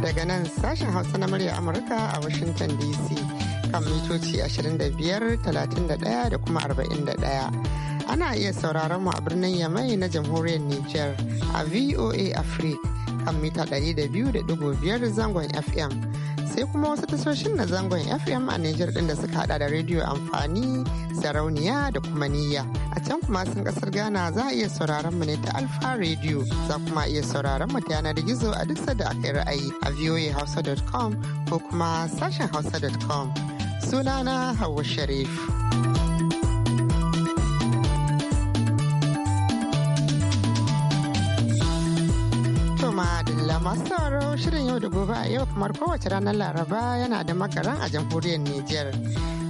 daga nan sashen hausa na murya amurka a washington dc kan mitoci 25 31 da kuma 41 ana iya sauraron mu a birnin yamai na jamhuriyar niger a voa africa kan mita 200.5 zangon fm sai kuma wasu tashoshin na zangon FM a Nijar ɗin da suka hada da rediyo amfani, sarauniya da kuma niyya. A can kuma sun kasar Ghana za a iya sauraron mu ne ta Alfa Radio, za kuma iya sauraron mu ta yanar gizo a duk da aka yi ra'ayi a voahausa.com ko kuma sashen hausa.com. Sunana Hauwa Sharif. masu sauraro shirin yau da gobe a yau kamar kowace ranar laraba yana da makaran a jamhuriyar Nijar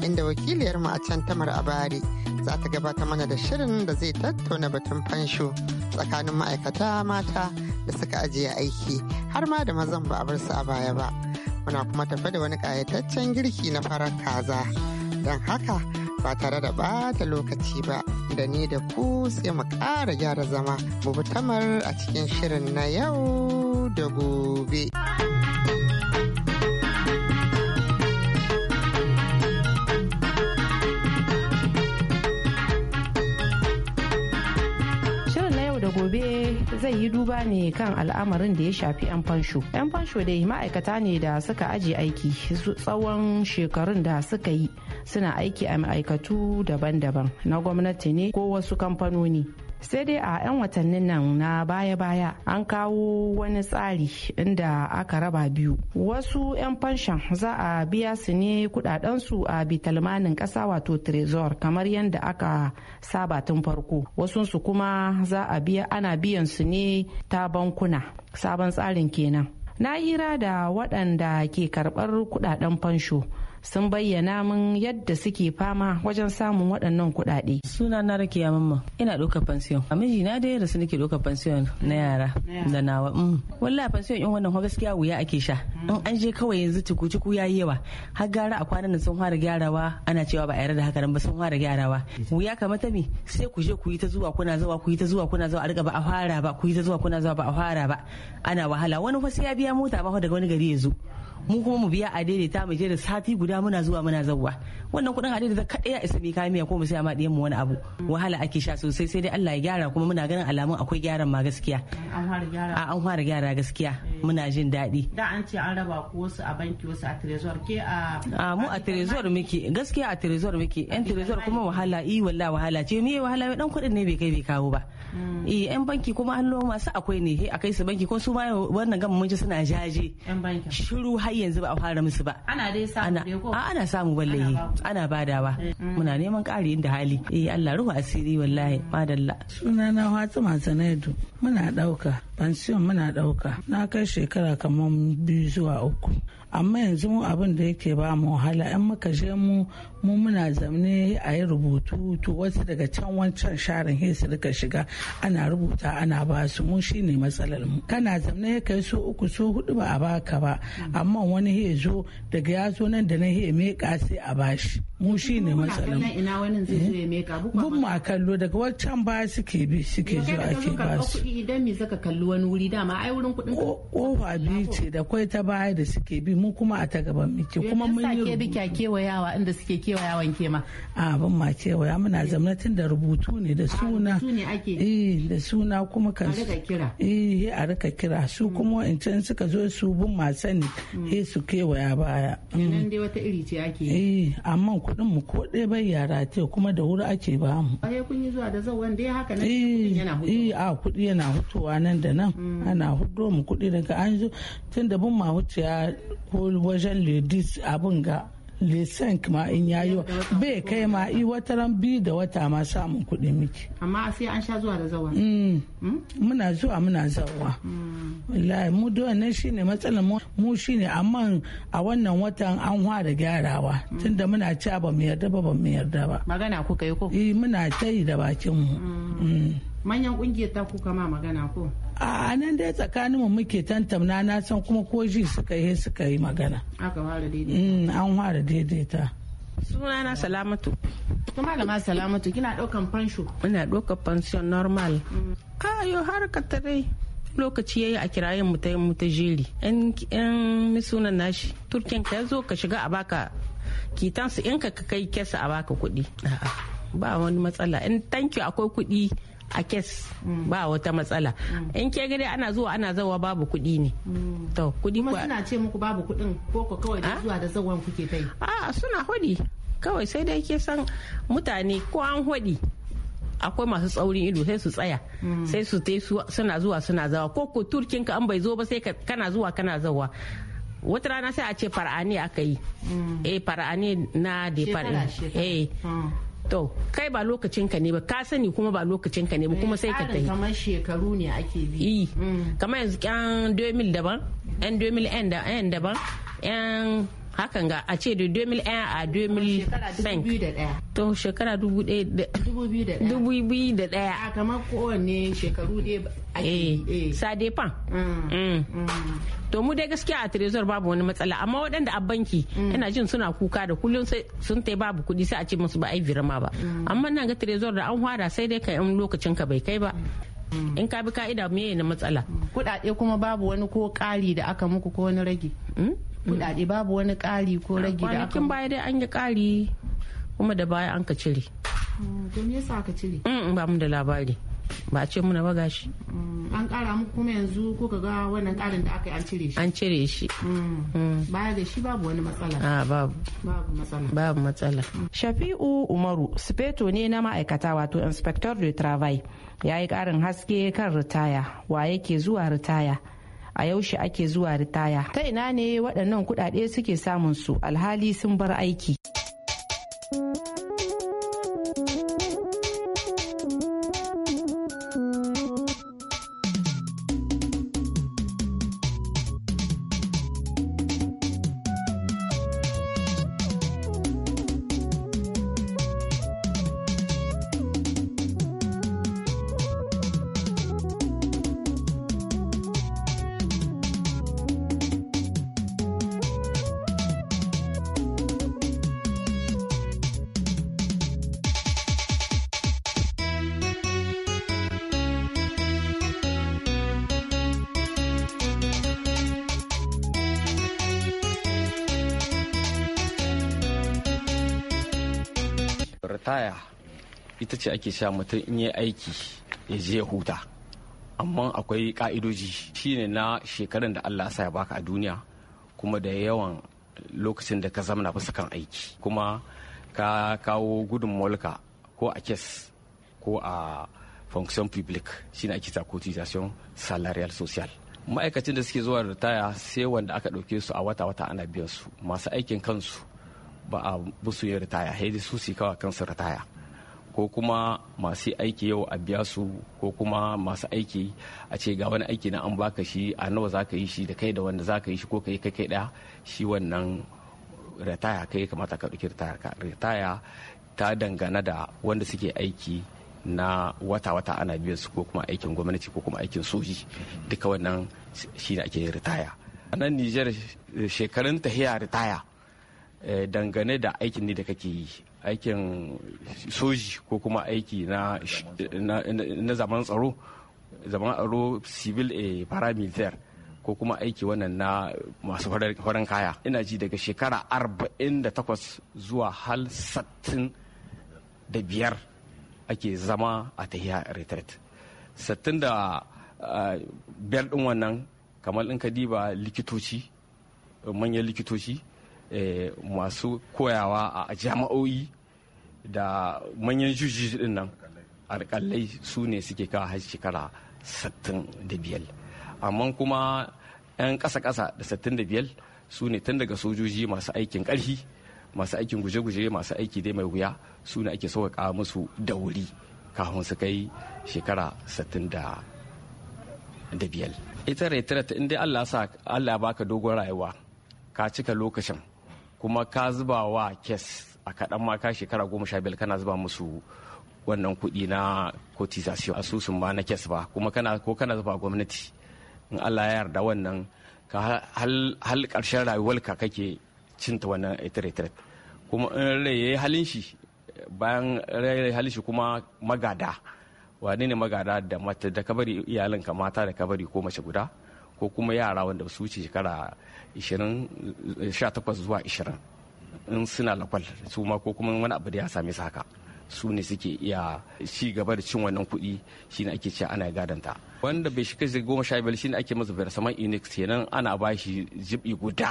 inda wakiliyar mu a can tamar a bari za ta gabata mana da shirin da zai tattauna batun fansho tsakanin ma'aikata mata da suka ajiye aiki har ma da mazan ba a bar su a baya ba muna kuma tafi da wani ƙayataccen girki na farar kaza don haka ba tare da bata lokaci ba da ni da ku sai mu ƙara gyara zama mu tamar a cikin shirin na yau gobe. gobe zai yi duba ne kan al'amarin da ya shafi 'yan fansho. 'yan fansho dai ma'aikata ne da suka aje aiki tsawon shekarun da suka yi suna aiki a ma'aikatu daban-daban na gwamnati ne ko wasu kamfanoni. sai dai a 'yan watannin nan na baya-baya an kawo wani tsari inda aka raba biyu wasu 'yan fanshan za a biya su ne kudadensu a bitalmanin kasa wato trezor kamar yadda aka saba tun farko wasunsu kuma za a biya ana biyan su ne ta bankuna sabon tsarin kenan na hira da waɗanda ke karɓar kudaden fansho sun bayyana min yadda suke fama wajen samun waɗannan kuɗaɗe. Suna na rake ya mamma ina ɗaukar fansiyon. A miji na dai rasu nake ɗaukar fansiyon na yara da nawa. Mm. Walla fansiyon in wannan gaskiya wuya ake sha. Mm. In an je kawai yanzu ciku ya yayi yawa. Har gara a kwanan da sun fara gyarawa ana cewa ba a yarda da haka nan ba sun fara gyarawa. Wuya kamar ta me sai ku je ku yi ta zuwa kuna zuwa ku yi ta zuwa kuna zuwa a riga ba a fara ba ku yi ta zuwa kuna zuwa ba a fara ba. Ana wahala wani fa sai ya biya mota ba daga wani gari ya zo. mu kuma mu biya a daidaita mu je da sati guda muna zuwa muna zawwa wannan kudin a daidaita ya isa mi kayan miya ko mu sai ma ɗiyan mu wani abu wahala ake sha sosai sai dai Allah ya gyara kuma muna ganin alamun akwai gyaran ma gaskiya An fara a an fara gyara gaskiya muna jin daɗi da an ce an raba ku wasu a banki wasu a trezor ke a a mu a trezor muke gaskiya a trezor muke yan trezor kuma wahala i wallahi wahala ce me wahala dan kudin ne bai kai bai kawo ba eh yan banki kuma hannu masu akwai ne a kai su banki ko su ma wannan gama mun ji suna jaje shiru har yanzu ba a fara musu ba ana dai samu ne ko ana samu wallahi ana badawa eh. mm. muna neman ƙari inda hali eh Allah ruhu asiri wallahi mm. madalla na Fatima Zanaidu muna ɗauka pension muna ɗauka na kai shekara kamar biyu zuwa uku amma yanzu mu abin da yake ba mu wahala in muka je mu mu muna zamne a yi rubutu to wasu daga can wancan sharin he su rika shiga ana rubuta ana ba su mun shine matsalar mu kana zamne ya kai so uku so hudu ba a baka ba amma wani ya zo daga ya zo nan da na ya meka sai a bashi mu shine matsalar mu ina wani zai zo ya meka bun ma kallo daga wancan ba suke bi suke zo ake ba su idan zaka wani wuri dama ai wurin kudin kofa biyu ce da kwai ta baya da suke bi mu kuma a ta gaban muke kuma mun yi rubutu ke kewayawa inda suke kewayawan kema a ban ma kewaya muna eh. zamnatin tun da rubutu ne da suna Eh, da suna kuma kan su. Eh, a rika kira su mm. kuma in can suka zo su bin masan mm. eh su kewaya baya kenan mm. dai wata iri ce ake eh amma kuɗin mu ko ɗaya bai yara ce kuma da wuri ake ba mu eh kun yi zuwa da zawan dai haka nan eh, yana hutuwa a kudi yana hutuwa nan da nan ana hudo mu kudi daga an zo tun da bin ma wuciya ko wajen ladies abin ga lisank ma in wa bai kai ma i wataran biyu da wata ma samun kuɗin miki amma sai an sha zuwa da zawa mm. Mm? muna zuwa muna zawa mm. wallahi mu da wannan shine matsalar mu shine amma a wannan watan an da gyarawa tunda muna cewa ba mu yarda ba ba mu yarda ba magana kuka yi ko eh muna yi da bakin mu manyan kungiyar ta kuka ma magana ko a nan dai tsakanin mu muke tantamna na san kuma ko ji suka yi suka yi magana aka fara daidaita mm, an fara daidaita sunana salamatu to malama salamatu kina daukan fansho ina ɗaukan pension normal a yo har ka tare lokaci yayi a kirayen mu ta mu ta jeri yan misunan nashi turken ka zo ka shiga a baka kitansu in ka kai kesa a baka kuɗi ba wani matsala in tanki akwai kuɗi a kes ba wata matsala in ke gari ana zuwa ana zawa babu kuɗi ne to kuɗi kuma suna ce muku babu kuɗin ko ko kawai da ah? zuwa da zawan kuke kai a ah, suna hodi kawai sai dai ke san mutane ko an hodi akwai masu tsaurin ido sai su tsaya mm. sai su tai suna zuwa suna zawa ko ko turkin ka an bai zo ba sai kana zuwa kana zawa wata rana sai a ce fara'ani aka yi mm. eh fara'ani na da eh mm. to kai ba lokacin ka ne ba ka sani kuma ba lokacin ka ne ba kuma sai ka tafi kamar shekaru ne ake bi mm. kamar yanzu yan 2000 daban yan 2000 daban yan hakan ga a ce da 2001 a 2005 to shekara 2001 a kamar kowane shekaru dai ake sa dai fan to mu dai gaskiya a trezor babu wani matsala amma waɗanda a banki mm. ina jin suna kuka da kullum sun tai babu kuɗi sai a ce musu ba ai virama ba mm. amma nan ga trezor da an hwara sai dai ka yan lokacin ka bai kai ba mm. in ka bi ka'ida me na matsala kuɗaɗe kuma babu wani ko ƙari da aka muku ko wani rage hmm? kudade babu wani kari ko rage da aka baya dai an yi kari kuma da baya an ka cire don mm, me yasa aka cire mm, mm, ba mu da labari ba a ce muna ba gashi an kara muku kuma yanzu ko ka ga wannan karin da aka yi an cire shi an cire shi baya da shi babu wani matsala a ah, babu babu matsala babu matsala shafi'u umaru sufeto ne na ma'aikata wato inspector de travail ya yi karin haske kan ritaya wa yake zuwa ritaya a yaushe ake zuwa ritaya ta ina ne waɗannan kuɗaɗe suke samun su alhali sun bar aiki. taya ita ce ake sha mutum in yi aiki ya je ya huta amma akwai ka'idoji shine na shekarun da allah sa ya baka a duniya kuma da yawan lokacin da ka zamana bisa kan aiki kuma ka kawo gudun molka ko a kes ko a fonction public shine ake ta cotization salarial social ma'aikacin da suke zuwa da ritaya sai wanda aka ɗauke su a wata-wata ana biyan su masu aikin kansu ba a musu yin ritaya dai su su kawa kansu ritaya ko kuma masu aiki yau a biya su ko kuma masu aiki a ce ga wani aiki na an baka shi a nawa za ka yi shi da kai da wanda za ka yi shi ko ka kai ɗaya shi wannan ritaya kai kamata ka ɗauki ritaya ka ritaya ta dangana da wanda suke aiki na wata-wata ana biyan su ko kuma aikin gwamnati ko kuma aikin soji duka wannan shi ne ake ritaya a nan nijar shekarun tahiya ritaya Eh, dangane da aikin ne da kake yi aikin soji ko kuma aiki na zaman tsaro zaman tsaro civil a eh, paramilitary ko kuma aiki wannan na masu farin kaya ina ji daga shekara 48 zuwa hal 65 ake zama a tahiya retret 65 din eh, wannan kamar in ka diba likitoci manyan likitoci Eh, masu koyawa a jama'o'i da manyan juji din nan alƙalai su ne suke kawo har shekara 65 amma kuma 'yan ƙasa-ƙasa da 65 su ne tun daga sojoji masu aikin ƙarfi masu aikin guje-guje masu aiki dai mai wuya su ne ake sauƙaƙa musu da wuri kafin su kai shekara 65 ita tara ta inda allah sa allah baka dogon rayuwa ka cika lokacin kuma ka zuba wa kes a kaɗan ma ka shekara goma sha biyar kana zuba musu wannan kuɗi na cotisation asusun ba na kes ba kuma kana ko kana zuba gwamnati in Allah ya yarda wannan ka hal ƙarshen rayuwarka kake cinta wannan itiretret kuma in rai halin shi bayan rai halin shi kuma magada wa ne magada da mata da kabari iyalinka mata da kabari ko mace guda ko kuma yara wanda su wuce shekara 18 zuwa 20 in suna lakwal su ma ko kuma wani abu da ya same su haka su ne suke iya ci gaba da cin wannan kuɗi ne ake cewa ana gadanta wanda bai shiga zai goma sha biyar shi ne ake masa bayar saman unix kenan ana ba shi jibi guda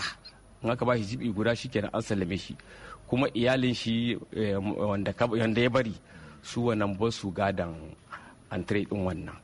in aka ba shi jibi guda shi kenan an sallame shi kuma iyalin shi eh, wanda ya bari su wannan ba su gadan antre din wannan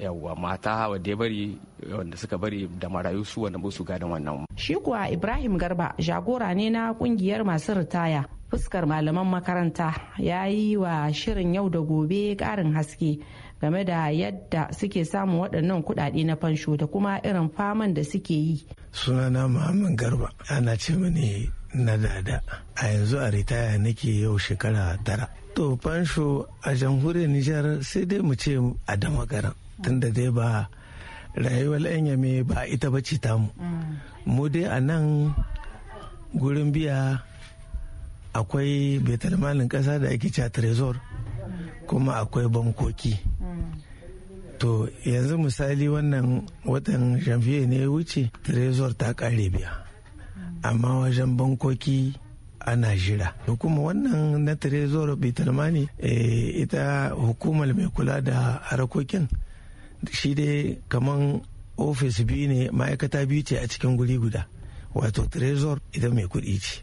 yawwa mata wadda ya bari wanda suka bari da marayu su wanda su gadon wannan shi kuwa ibrahim garba jagora ne na kungiyar masu ritaya fuskar malaman makaranta ya yi wa shirin yau da gobe karin haske game da yadda suke samun waɗannan kuɗaɗe na fansho da kuma irin faman da suke yi sunana muhammad garba ana ce mini na dada a yanzu a ritaya nake yau shekara tara to fansho a jamhuriyar nijar sai dai mu ce a damagaran tunda dai ba rayuwar yan yame ba ita ba ce tamu mu dai a nan gurin biya akwai betalmalin ƙasa da ake cha trezor kuma akwai bankoki to yanzu misali wannan watan janvier ne wuce trezor ta kare biya amma wajen bankoki ana jira kuma wannan na trezor bitalmani eh, ita hukumar mai kula da harkokin shi dai kaman ofis biyu ne ma'aikata biyu ce a cikin guri guda wato trezor ita mai kuɗi ce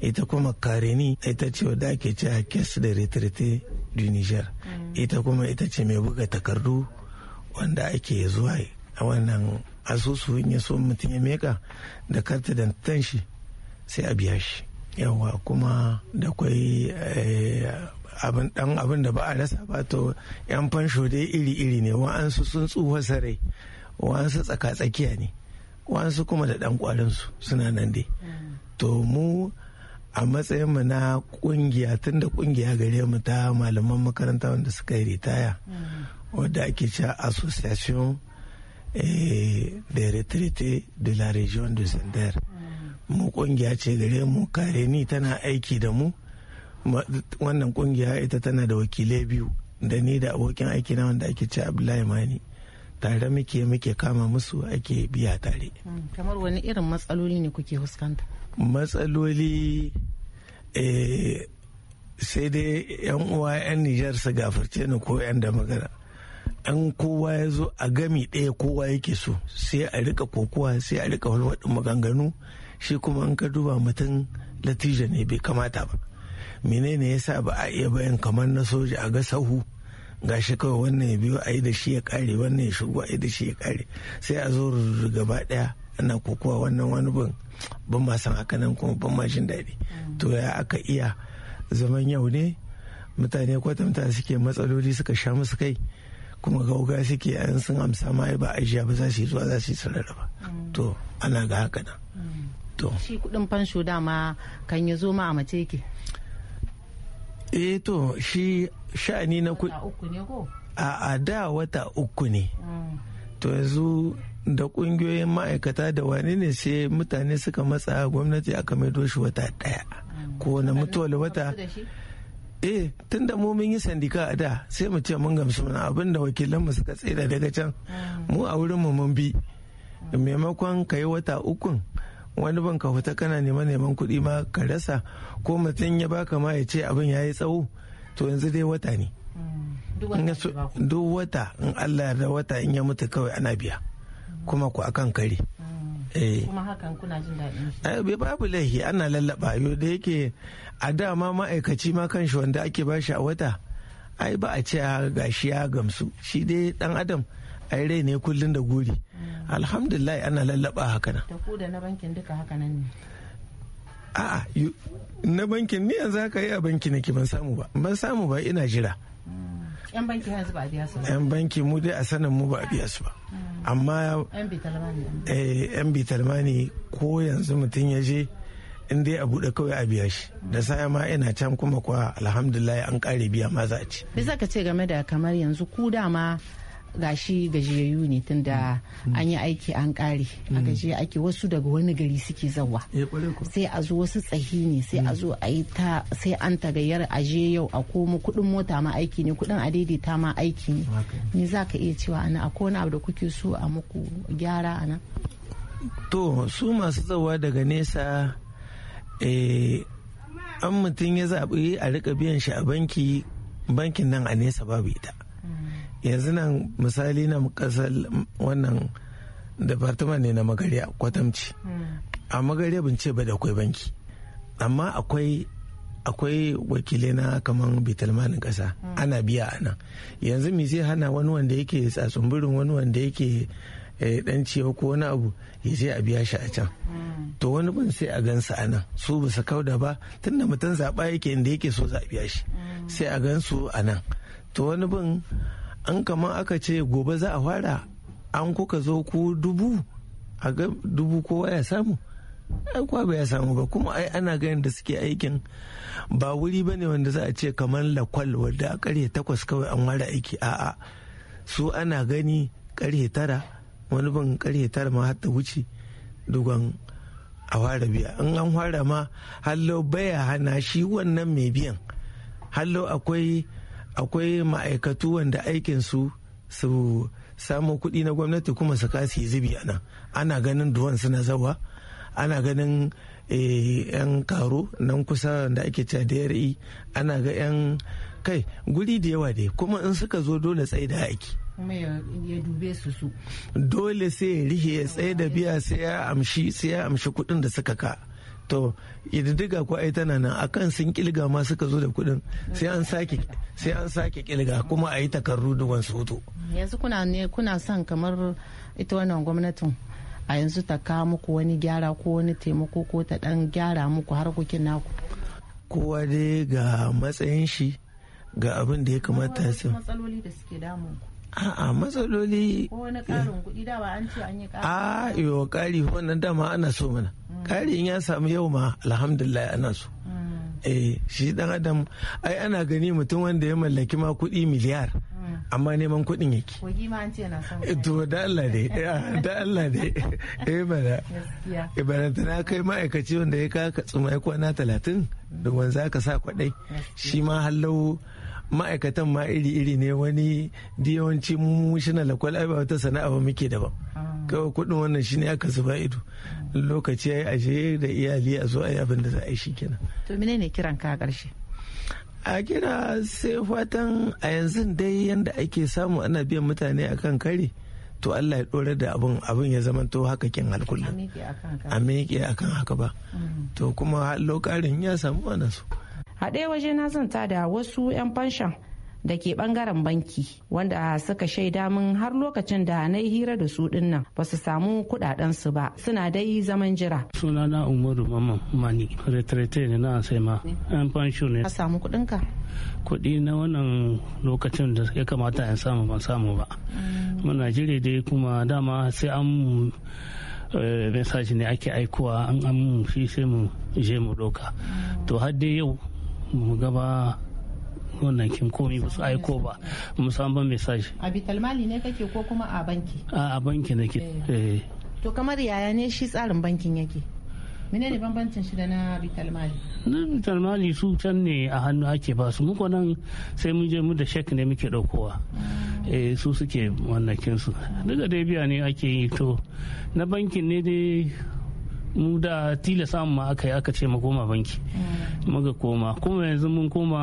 ita kuma kareni ita ce wadda ake ce a kes da retrete du niger ita kuma ita ce mai buga takardu wanda ake zuwa a wannan asusu ya so mutum ya meka da karta da tanshi sai a biya shi yawa kuma da kwai eh, abin dan abin da ba a rasa ba to yan fansho dai iri-iri ne wa'ansu sun tsufa sarai wa'ansu tsaka-tsakiya ne wa'ansu kuma da dan kwarinsu suna nan dai to mu a matsayin mu na kungiya tun da kungiya gare mu ta malaman makaranta wanda suka yi ritaya wadda ake cewa association eh, De retraite de la region de sender mu kungiya ce gare mu kare ni tana aiki da mu wannan kungiya ita tana da wakilai biyu da ni da abokin aiki na wanda ake ce abdullahi mani tare muke muke kama musu ake biya tare hmm, kamar wani irin matsaloli ne kuke fuskanta matsaloli eh, sai dai yan uwa yan nijar su gafarce ni ko yan da magana an kowa ya zo a gami ɗaya kowa yake so sai a rika kokowa sai a rika walwaɗin maganganu shi kuma an ka duba mutum latija ne bai kamata ba menene sa ba a iya bayan kamar na soja a ga sahu gashi kawai wannan ya biyo a yi da shi ya kare wannan ya shigo a yi da shi ya kare sai a zo gaba daya ana kokowa wannan wani ban ban ma san haka nan kuma ban ma jin daɗi to ya aka iya zaman yau ne mutane kwatanta suke matsaloli suka sha musu kai kuma gauga suke an sun amsa ma ba ajiya ba za su yi zuwa za su yi sarara ba mm. to ana ga haka nan mm. to shi kudin fansho dama kan ya zo ma a mace yake eh to shi sha'ani na kuɗi a da wata uku ne mm. to yanzu da ƙungiyoyin ma'aikata da wani ne sai mutane suka matsa gwamnati aka maido shi wata ɗaya mm. ko na mutuwar wata eh tun da mu mun yi sandika a da sai mu ce mun gamsu mana abin da wakilanmu suka tsira daga can mm. mu a wurin mu mun bi maimakon ka yi wata ukun wani ban ka fita kana neman neman kuɗi ma ka rasa ko mutum ya baka ma ya ce abin ya yi tsawo to yanzu dai wata ne mm. duk wata in allah da wata in ya mutu kawai ana biya kuma ku akan kare mm. eh. kuma hakan kuna jin daɗin eh, babu laifi ana lallaba yau da yake a dama ma'aikaci ma kan shi wanda ake bashi a wata ai ba a ce gashi ya gamsu shi dai dan adam ai rai ne kullum da guri alhamdulillah ana lallaba haka nan da ku da na bankin duka haka nan ne a'a na bankin ni yanzu haka yi a banki nake ban samu ba ban samu ba ina jira hmm. yan banki yanzu ba biya su ba yan banki mu dai a sanin mu ba a biya su ba hmm. amma yan talmani eh, ko yanzu mutum ya je in dai a buɗe kawai a biya shi da saya ma ina can kuma kwa alhamdulillah an kare biya ma za a ci bisa ka ce game da kamar yanzu ku dama gashi gajiyayyu ne tun da mm. an yi aiki an kare a mm. gajiya ake wasu daga wani gari suke zawa eh, sai a zo wasu tsahi ne sai a mm. zo a yi ta sai an tagayyar aje yau a komo kudin mota ma aiki ne kudin a daidaita ma aiki ne ni za ka iya cewa ana a kona abu da kuke so a muku gyara ana to su masu zawa daga nesa eh, an mutum ya zaɓi a rika biyan shi a banki bankin nan a nesa babu ita yanzu nan misali na kasar wannan department ne na magariya kwatamci hmm. a magariya bin ce ba da akwai banki amma akwai akwai wakilai na kamar bitalmanin kasa hmm. ana biya a nan yanzu me zai hana wani wanda yake tsatsumburin wani wanda yake dan eh, ciwo ko wani abu ya je a biya shi a can hmm. to wani bin sai a gansa a nan su ba su kauda ba tunda mutum zaba yake inda yake so za a shi sai a gansu a nan to wani bin an kama aka ce gobe za a fara an kuka zo ku dubu a ga dubu kowa ya samu ai kuwa bai ya samu ba kuma ai ana ganin da suke aikin ba wuri bane wanda za a ce kamar lakwal wadda a karye takwas kawai an ware aiki a'a su ana gani karye tara wani ban karye tara ma hatta wuce dugon a ware biya in an ware ma hallo baya hana shi wannan mai biyan hallo akwai akwai ma'aikatu wanda aikin su su samu kuɗi na gwamnati kuma su kasi zubi a ana ganin duwan suna zawa ana ganin eh, yan karo nan kusa da ake cewa DRE ana ga yan kai guri da yawa dai kuma in suka zo dole tsaye da aiki kuma ya dube su su dole sai ya rihe ya tsaye da biya sai ya amshi sai ya amshi kuɗin da suka ka to ididdiga ko ai tana nan akan sun kilga ma suka zo da kuɗin sai an sake sai an sake kilga kuma a yi takarru wasu soto yanzu kuna ne kuna son kamar ita wannan gwamnatin a yanzu ta ka muku wani gyara ko wani taimako ko ta dan gyara muku harkokin naku kowa dai ga matsayin shi ga abin da ya kamata ya matsaloli da suke damun ku a'a matsaloli ko wani karin kuɗi da ba an ce an yi ƙari a ah, yo ƙari wannan dama ana so mana mm. ƙari in ya samu yau ma alhamdulillah ana so mm. eh shi dan adam ai ana gani mutum wanda ya mallaki ma kuɗi miliyar mm. amma neman kuɗin yake. Kogi ma an ce na son eh, To da Allah ne, ah, da Allah ne. Eh Gaskiya. Eh, tana kai ma'aikaci wanda ya ka tsumai kwana talatin domin za sa kwaɗai. Shi ma hallau ma'aikatan ma iri-iri ne wani yawanci mu shi na lakwal ai ba wata sana'a ba muke daban ah. kawai kudin wannan shine aka zuba ido lokaci yayi ashe da iyali a zo ayi abin da za a yi shikenan to menene kiran ka a karshe a kira sai fatan a yanzu dai yanda ake samu ana biyan mutane akan kare to Allah ya ɗora da abun abun ya zama to haka kin halkullin a miƙe akan haka ba mm. to kuma lokarin ya samu wannan su a ɗaya waje na zanta da wasu 'yan fanshan da ke bangaren banki wanda suka shaida min har lokacin da na yi hira da su dinnan ba su samu kuɗaɗensu ba suna dai zaman jira sunana umaru mama mani retrete ne na ma an fansho ne a samu kuɗinka. kudi na wannan lokacin da ya kamata in samu ban samu ba mm. muna jire dai kuma dama sai an eh, message ne ake aikowa an amu shi sai mu je mu doka mm. to har dai yau mu gaba wannan kin komi ba su aiko ba musamman message a bitalmali ne kake ko kuma a banki a banki nake eh. Eh. to kamar yaya ne shi tsarin bankin yake menene bambancin shi da na bital mali na bital mali su can ne a hannu ake ba su muku nan sai mun je mu da shek ne muke daukowa ah. eh su suke wannan kinsu daga dai biya ne ake yi to na bankin ne dai mu da tilasa ma aka yi aka ce mu koma banki mm. muka koma kuma yanzu mun koma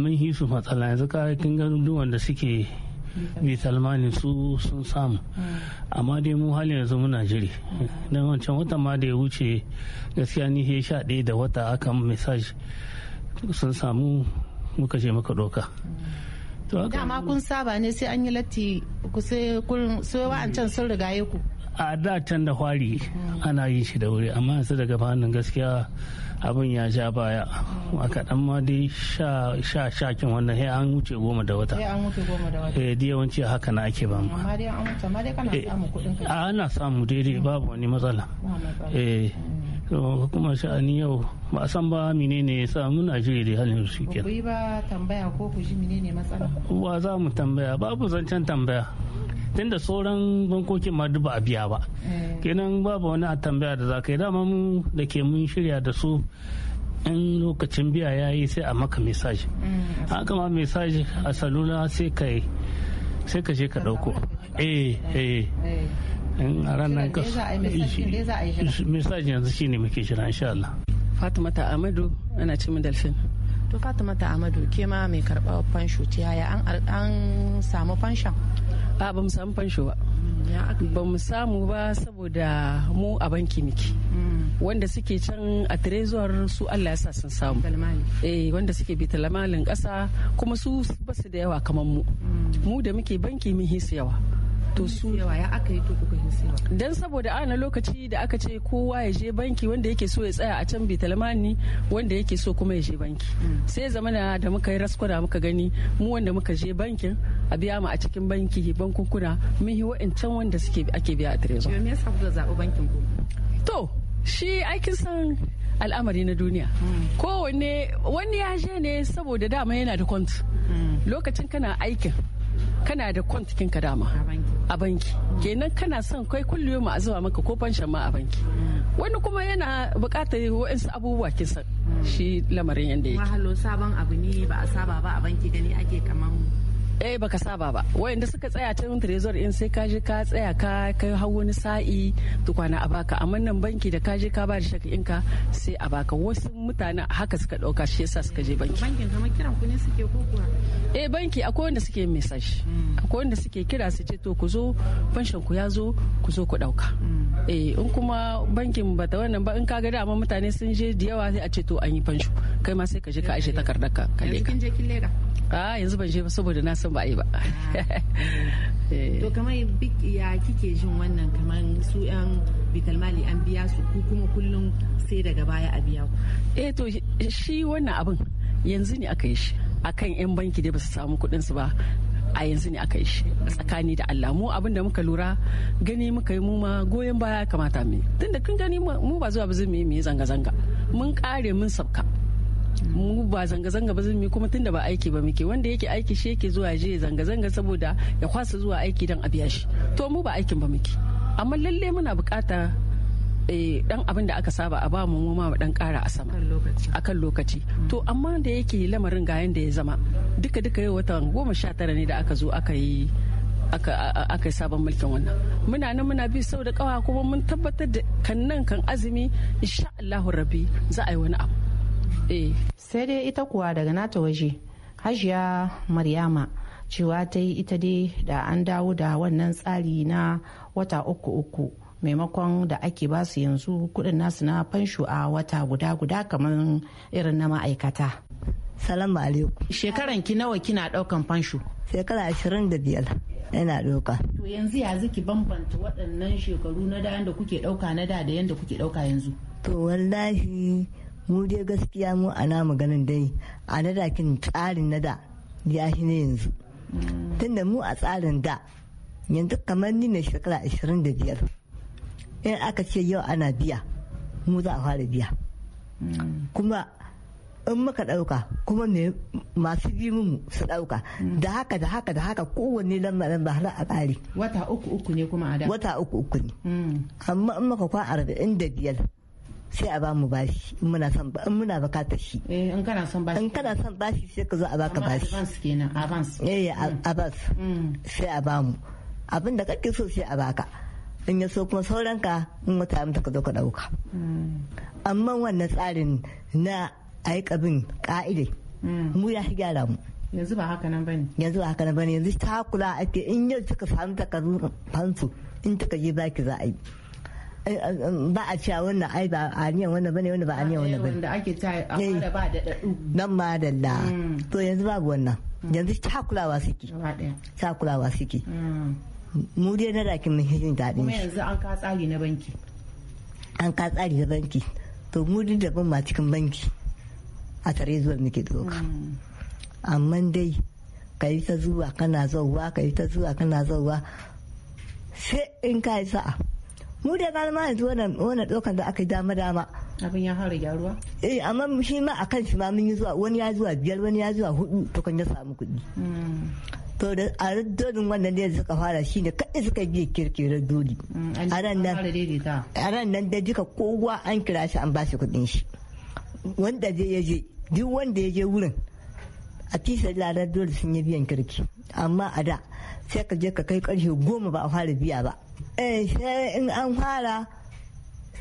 mun hisu matsala yanzu ka kin ga wanda suke bi salmani su sun samu mm. amma dai mu hali yanzu muna jiri mm. don wancan wata ma da ya wuce gaskiya ni he sha ɗaya da wata aka message sun samu muka je muka doka dama kun saba ne sai an yi latti ku sai wa'ancan sun rigaye ku a da can da hwari ana yin shi da wuri amma yanzu daga fannin gaskiya abin ya sha baya a kaɗan ma dai sha shakin wannan sai an wuce goma da wata eh da yawanci haka na ake ba eh, a ana samu daidai babu wani matsala eh kuma sha'ani yau ba san ba menene ya sa muna jiri da halin su ke ba tambaya ko ku ji menene matsala wa za mu tambaya babu zancen tambaya tunda sauran bankokin ma duk ba a biya ba eh. kenan babu wani a tambaya da za ka yi dama mu da ke mun shirya da su in lokacin biya ya yi sai a maka mesaji mm. haka ma mesaji a salula sai ka yi sai ka je ka dauko eh, eh eh in a ranar ka yanzu shine muke jira insha Allah Fatima ta Amadu ana ce min Delphine to Fatima ta Amadu ke ma mai karɓar fansho ta yaya an samu fanshon a ba mu samu fansho ba mm, ba mu samu ba saboda mu a banki muke mm. wanda suke can a trezor su allah ya sa sun samu eh wanda suke bi talamalin kasa kuma su basu da yawa kamar mu mm. mu da muke banki mun hisu yawa to su ya aka yi to kuka yi dan saboda ana lokaci da aka ce kowa ya je banki wanda yake so ya tsaya a can talmani wanda yake so kuma ya je banki sai zamana da muka yi raskwada muka gani mu wanda muka je bankin a biya mu a cikin banki kuna mun yi wa'ancan wanda suke ake biya a trezor me yasa kuka zaɓi bankin ku to shi aikin san al'amari na duniya hmm. kowanne wani ya je ne saboda dama yana da kwant hmm. lokacin kana aikin kana da kwant ka dama a banki kenan kana son kai kullum a zuwa maka ko fanshan ma a banki wani kuma yana bukatar wa'insu abubuwa kisan shi lamarin yadda yake. Wahalo sabon abu ne ba a saba ba a banki gani ake kaman eh baka saba ba wayanda suka tsaya ta trezor in sai ka je ka tsaya ka kai har wani sa'i tukwana a baka amma nan banki da ka je ka ba da shaka in ka sai a baka wasu mutane haka suka dauka shi yasa suka je banki bankin kuma kiran ku ne suke ko kuwa eh banki akwai wanda suke message hmm. akwai wanda suke kira su ce to ku zo pension ku ya zo ku zo ku dauka hmm. eh in kuma bankin ba ta wannan ba in ka ga dama mutane sun je da yawa sai a ce to an yi fansho kai ma sai ka je ka aje takardar ka ka leka a ah, yanzu ban je ba saboda na san ba yi ba eh. to kamar ya kike jin wannan kamar su yan bitalmali an biya su ku kuma kullum sai daga baya a biya ku eh to shi wannan abin yanzu ne aka yi shi akan yan banki dai ba su samu kuɗin su ba a yanzu ne aka yi shi tsakani da Allah mu abin da muka lura gani muka yi mu ma goyon baya kamata mu tunda kun gani mu ba zuwa ba zai mu yi zanga zanga mun kare mun sabka mu ba zanga-zanga ba zumi kuma tunda ba aiki ba muke wanda yake aiki shi yake zuwa je zanga-zanga saboda ya kwasa zuwa aiki dan a biya shi to mu ba aikin ba muke amma lalle muna bukata eh, dan abin da aka saba a ba mu ma dan kara a sama akan lokaci mm. to amma da yake lamarin ga yanda ya zama duka duka yau watan goma sha tara ne da aka zo aka yi aka yi sabon mulkin wannan muna nan muna bi sau da kawa kuma mun tabbatar da kan nan kan azumi insha Allahu rabbi za a yi wani abu Eh. sai dai ita kuwa daga nata waje hajiya maryama cewa ta yi ita dai da an dawo da wannan tsari na wata uku uku maimakon da ake basu yanzu kudin nasu na fansho a wata guda guda kamar irin na ma'aikata salamu alaikum shekaran ki nawa kina daukan fansho shekara ashirin da biyar yana doka to yanzu ya ziki bambanta waɗannan shekaru na da yanda kuke dauka na da da yanda kuke dauka yanzu to wallahi mu dai gaskiya mu ana maganin dai a nadakin tsarin nada ya shi ne yanzu tunda mu a tsarin da yanzu kamar ni mai shekara 25 in aka ce yau ana biya mu za a fara biya kuma in muka ɗauka kuma ne masu bi mu su ɗauka da haka da haka da haka kowanne lamba lamba har a ƙari wata uku uku ne kuma a da wata uku uku ne mm. amma in muka kwa arba'in da biyar sai a bamu bashi in muna son in muna bukatar shi eh, in kana son bashi in kana son bashi sai ka zo a baka bashi eh, a kenan mm. eh mm. sai a bamu abin da kake so sai a baka in ya so kuma sauranka in wata amsa ka zo ka dauka mm. amma wannan tsarin na ayi kabin ka'ide mu ya gyara mu yanzu ba haka nan bane yanzu ba haka nan bane yanzu ta kula ake in yau kika samu takardun fansu in kika je baki za a yi ba a cewa wannan ai ba a niyan wannan bane wannan ba a niyan wannan bane wanda ake ta a da eh. ba da dadu nan ma la mm. to yanzu babu wannan mm. yanzu kulawa suke kulawa suke mm. mu dai na dakin mun hijin daɗin kuma yanzu an ka tsari na banki an ka tsari na banki to mu da ban ma cikin banki a tare zuwa muke doka amma dai ka yi ta zuwa kana zauwa ka yi ta zuwa kana zauwa sai in ka yi sa'a mu da gani ma yanzu wannan ɗaukan da aka yi dama dama abin ya fara gyaruwa eh amma shi ma a kan shi ma mun yi zuwa wani ya zuwa biyar wani ya zuwa hudu kan ya samu kuɗi hmm. to da a raddodin wannan ne suka fara shi ne kaɗai suka biya kirkirar doli hmm, a ran nan da duka kowa an kira shi an ba shi kuɗin shi wanda je ya je duk wanda ya je wurin a fisa ladar dole sun yi biyan kirki amma a da sai ka je ka kai karshe goma ba a fara biya ba eh sai in an fara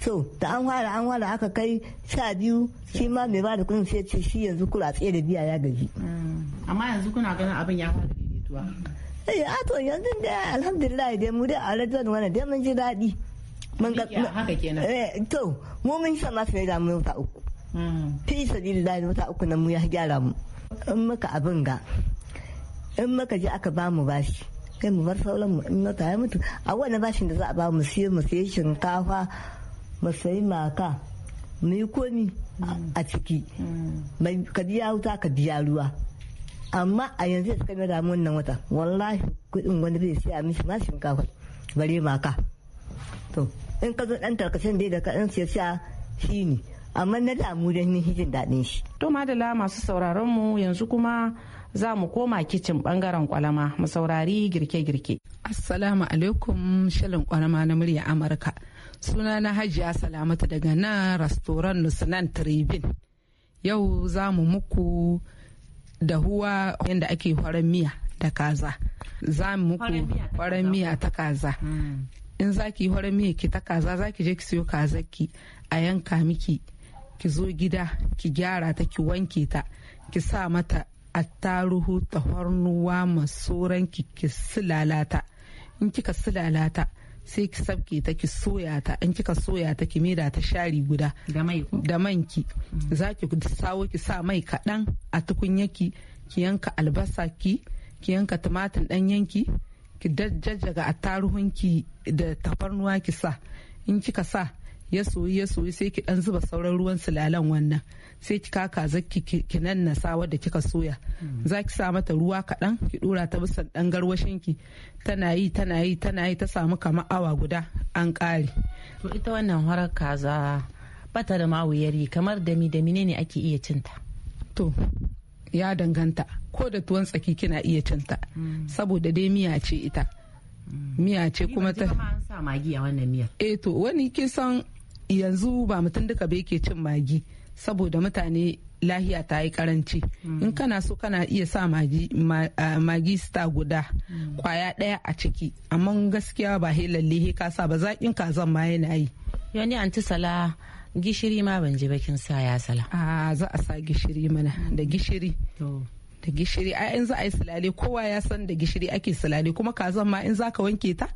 so da an fara an fara aka kai sha biyu shi ma mai ba da kudin sai ce shi yanzu kula tsaye da biya ya gaji mm. amma yanzu kuna ganin abin ya fara daidaituwa eh a to yanzu da alhamdulillah dai mu dai a rajon wannan dai mun ji daɗi mun ga haka kenan eh to mu mun san ma sai da mu ta uku mm. fi sabilillah ta uku nan mu ya gyara mu in muka abin ga in muka je aka ba mu bashi kai mu bar sauran mu in ya mutu a wani bashin da za a ba mu siye mu siye shinkafa mu sayi maka mu yi komi a ciki ka biya wuta ka biya ruwa amma a yanzu suka mai damu wannan wata wallahi kudin wani bai siya mishi ma shinkafa bare maka to in ka zo dan da dai da ka dan siya shi ne amma na damu da ni hijin daɗin shi. To madala masu sauraron mu yanzu kuma za mu koma kicin bangaren kwalama mu saurari girke-girke. Assalamu alaikum shalin kwalama na murya Amurka. Suna na Hajiya Salamatu daga nan restoran Nusunan Tribin. Yau za mu muku dahuwa yadda ake horon miya da kaza. Za mu muku horon miya ta kaza. Hmm. In za ki horon miya ki ta kaza za ki je ki siyo ki a yanka miki ki zo gida ki gyara ta ki wanke ta ki sa mata attaruhu tahornuwa masoran ki ki silalata in kika sulalata sai ki sabke ta ki soya ta in kika soya ta ki maida ta shari guda da man ki mm. za ki sawo ki sa mai kaɗan a tukunyaki ki yanka albasa ki ki yanka tumatir ɗan yanki ki jajjaga attaruhun ki da tafarnuwa ki sa in kika sa ya soyi ya soyi sai ki dan zuba sauran ruwan sulalan wannan sai ki kaka zaki ki nannasa wadda kika soya mm. za ki sa mata ruwa kaɗan ki dora ta bisa dan garwashin ki tana yi tana yi tana yi ta samu kamar awa guda an kare. to ita wannan harar kaza bata da mawuyari kamar dami da ne ake iya cinta. to ya danganta ko da tuwon tsaki kina iya cinta mm. saboda dai miya ce ita mm. miya ce kuma ta sa magi a wannan miyar eh to wani kin san yanzu ba mutum duka ba ke cin magi saboda mutane lahiya ta yi karanci hmm. in kana so kana iya sa magi star guda hmm. kwaya daya a ciki amma gaskiya ba he lalle ka sa ba zaƙin zan ma yana yi yani anti sala gishiri ma ban je bakin sa ya sala a za a sa gishiri mana da gishiri da gishiri a in za a yi sulale kowa ya san da gishiri ake sulale kuma kazan ma in za ka wanke ta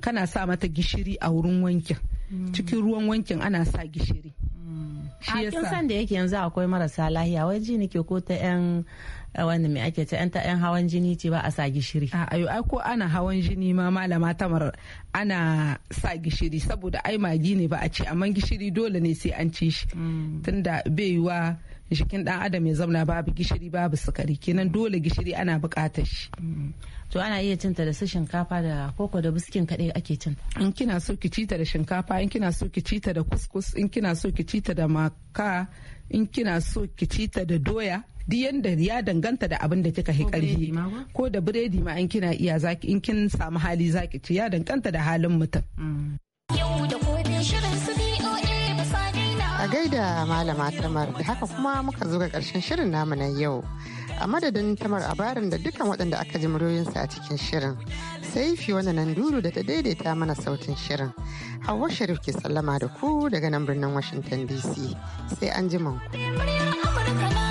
kana sa mata gishiri a wurin wankin cikin ruwan wankin ana sa gishiri Akin san da yake yanzu akwai marasa lahiya wai ji nake ko ta yan eh, wani mai ake ta yan ta yan hawan jini ce ba a sa gishiri a ayo ai ko ana hawan jini ma malama tamar ana sa gishiri saboda ai magi ne ba a ci amma gishiri dole ne sai an ci shi mm. tunda bai yiwa jikin dan adam ya zauna babu gishiri babu sukari kenan dole gishiri ana bukatar shi to ana iya cinta da su shinkafa da koko da biskin kaɗai ake cin in kina so ki cita da shinkafa in kina so ki cita da kuskus in kina so ki cita da maka in kina so ki cita da doya duk yadda ya danganta da abin da kika karfi ko da biredi ma in kina iya zaki in kin samu hali zaki ci ya danganta da halin mutum mm. A gaida Malama Tamar da haka kuma muka zo ga ƙarshen shirin namu na yau. A madadin Tamar a barin da dukkan waɗanda aka ji muryoyinsu a cikin shirin. Sai fi wani nan duru da ta daidaita mana sautin shirin. Hauwa Sharif ke sallama da ku daga nan birnin Washington DC. Sai an ji ku.